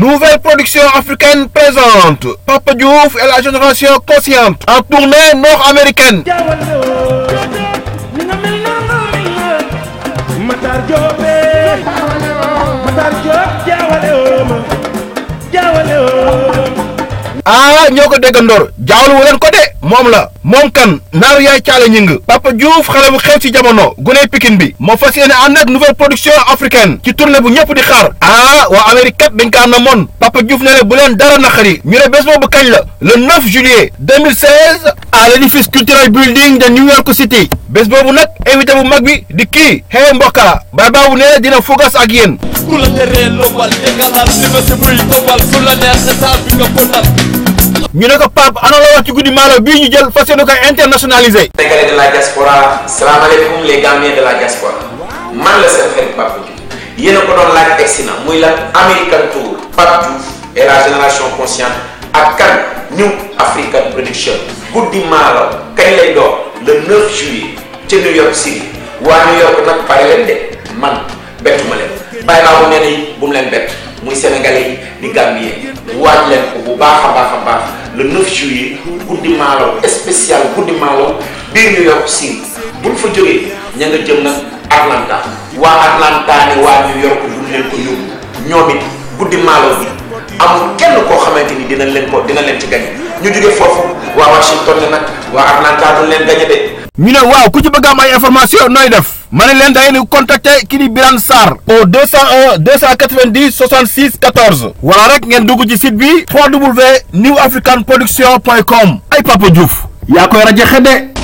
Nouvelle production africaine présente Papa Diouf et la génération consciente en tournée nord-américaine. Touba ñoko déggandoor jaawlu wu leen ko de mom la mom kan naaru yaay caala ñing papa diouf xale bu xew ci jamono gune pikin bi mo fasiyene yéene ak nouvelle production africaine ci tourner bu ñepp di xaar ah wa Amerika kat dañ na mon papa diouf ne le bu len dara naqari ñu ne bes bobu kañ la le 9 juillet 2016 à l'édifice cultural building de new york city bes bobu nak invité bu mag bi di kii xewe mbokka bay baabu ne dina fugas ak yéen buy bi nga ñu ne ko Pape ana la wax ci guddi maalo bii ñu jël fas yéene ko internationaliser. Sénégalais de la diaspora salaamaaleykum les Gambiens de la diaspora man la seen xarit Pape Diouf yéen a ko doon laaj egsi na muy la American Tour Pape Diouf et la génération consciente ak kan ñu African Production guddi maalo kañ lay door le 9 juillet ca New York City waa New York nag pare leen de man bettuma leen bàyyi laa bu nee na bu mu leen bett muy sénégalais yi di Gambien waaj leen ko bu baax a baax a baax. le 9 juillet guddi maalaw spécial guddi maalaw biir New York City buñ fa jógee ña nga jëm nag Atlanta waa Atlanta ne waa New York duñ leen ko yóbbu ñoom it guddi maalaw bi amul kenn koo xamante ni dina leen ko dina leen ci gañe ñu jógee foofu waa Washington ne nag waa Atlanta duñ leen gañe de ñu ne waaw ku ci bëgg am ay information nooy def ma ne leen da ngeen contacter di au 201 290 66 14 wala rek ngeen dugg ci site bi www.newafricanproduction.com. new african production com ay Papa Diouf yaa koy rajo